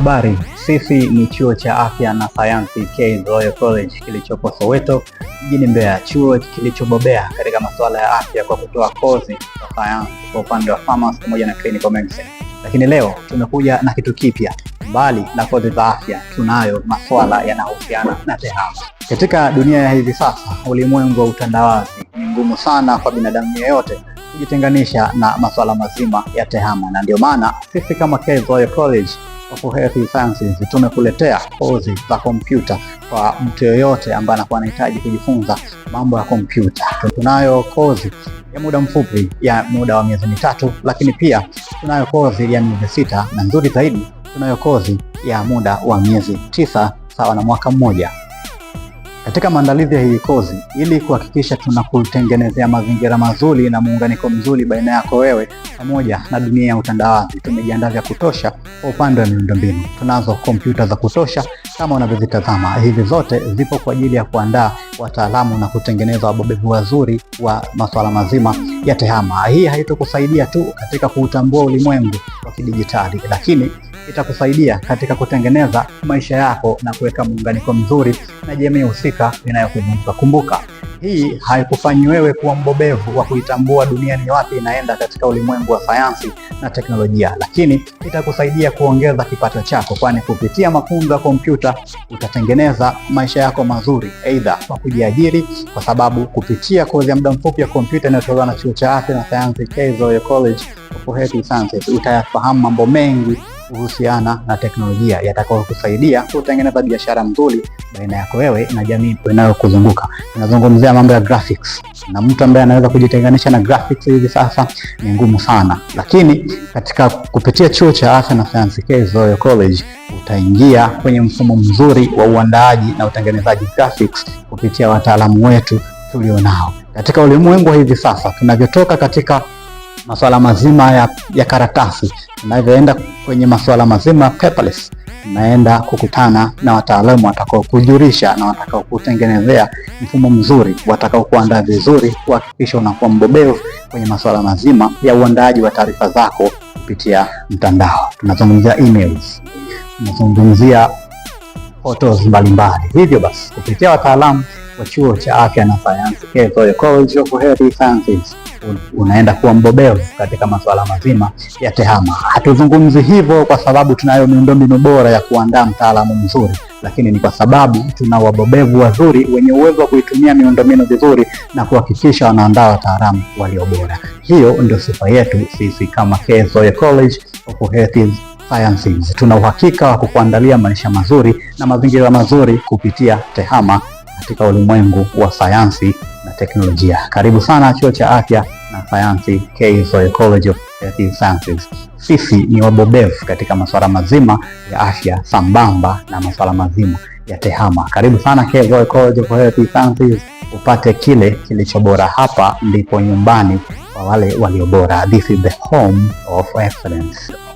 Habari, sisi ni chuo cha afya na sayansi k Royal College kilichopo Soweto jijini Mbeya, chuo kilichobobea katika masuala ya afya kwa kutoa kozi za sayansi kwa upande wa pharmacy pamoja na clinical medicine. Lakini leo tumekuja na kitu kipya. Mbali na kozi za afya, tunayo masuala yanayohusiana na tehama. Katika dunia ya hivi sasa, ulimwengu wa utandawazi, ni ngumu sana kwa binadamu yeyote kujitenganisha na masuala mazima ya tehama, na ndio maana sisi kama Kaynes Royal College Ofu Health Sciences tumekuletea kozi za kompyuta kwa mtu yoyote ambaye anakuwa anahitaji kujifunza mambo ya kompyuta. Tunayo kozi ya muda mfupi ya muda wa miezi mitatu, lakini pia tunayo kozi ya miezi sita na nzuri zaidi, tunayo kozi ya muda wa miezi tisa sawa na mwaka mmoja. Katika maandalizi ya hii kozi, ili kuhakikisha tunakutengenezea mazingira mazuri na muunganiko mzuri baina yako wewe pamoja na dunia ya utandawazi, tumejiandaa vya kutosha kwa upande wa miundombinu. Tunazo kompyuta za kutosha kama unavyozitazama hivi, zote zipo kwa ajili ya kuandaa wataalamu na kutengeneza wabobevu wazuri wa masuala mazima ya TEHAMA. Hii haitokusaidia tu katika kuutambua ulimwengu wa kidijitali, lakini itakusaidia katika kutengeneza maisha yako na kuweka muunganiko mzuri na jamii husika inayokuzunguka. Kumbuka, hii haikufanyi wewe kuwa mbobevu wa kuitambua dunia ni wapi inaenda katika ulimwengu wa sayansi na teknolojia, lakini itakusaidia kuongeza kipato chako, kwani kupitia mafunzo ya kompyuta utatengeneza maisha yako mazuri, aidha kwa kujiajiri, kwa sababu kupitia kozi ya muda mfupi ya kompyuta inayotolewa na chuo cha afya na sayansi Kaiser College of Health Sciences utayafahamu mambo mengi kuhusiana na teknolojia yatakayokusaidia kutengeneza biashara nzuri baina yako wewe na jamii inayokuzunguka. Tunazungumzia mambo ya graphics, na mtu ambaye anaweza kujitenganisha na graphics hivi sasa ni ngumu sana, lakini katika kupitia chuo cha afya na sayansi KS Royal College utaingia kwenye mfumo mzuri wa uandaaji na utengenezaji graphics kupitia wataalamu wetu tulionao katika ulimwengu wa hivi sasa tunavyotoka katika masuala mazima ya, ya karatasi. unavyoenda kwenye masuala mazima ya paperless, unaenda kukutana na wataalamu watakao kujurisha na watakao kutengenezea mfumo mzuri, watakao kuandaa vizuri, kuhakikisha unakuwa mbobevu kwenye masuala mazima ya uandaaji wa taarifa zako kupitia mtandao. Tunazungumzia emails, tunazungumzia photos mbalimbali. Hivyo basi kupitia wataalamu kwa chuo cha afya na sayansi Kevoyo College of Health Sciences unaenda kuwa mbobevu katika masuala mazima ya tehama. Hatuzungumzi hivyo kwa sababu tunayo miundombinu bora ya kuandaa mtaalamu mzuri, lakini ni kwa sababu tuna wabobevu wazuri wenye uwezo wa kuitumia miundombinu vizuri na kuhakikisha wanaandaa wataalamu walio bora. Hiyo ndio sifa yetu sisi kama Kevoyo College of Health Sciences. Tuna uhakika wa kukuandalia maisha mazuri na mazingira mazuri kupitia tehama katika ulimwengu wa sayansi na teknolojia. Karibu sana chuo cha afya na sayansi KSO College of Health Sciences. Sisi ni wabobevu katika masuala mazima ya afya sambamba na masuala mazima ya tehama. Karibu sana KSO College of Health Sciences, upate kile kilicho bora. Hapa ndipo nyumbani kwa wale walio bora. This is the home of excellence.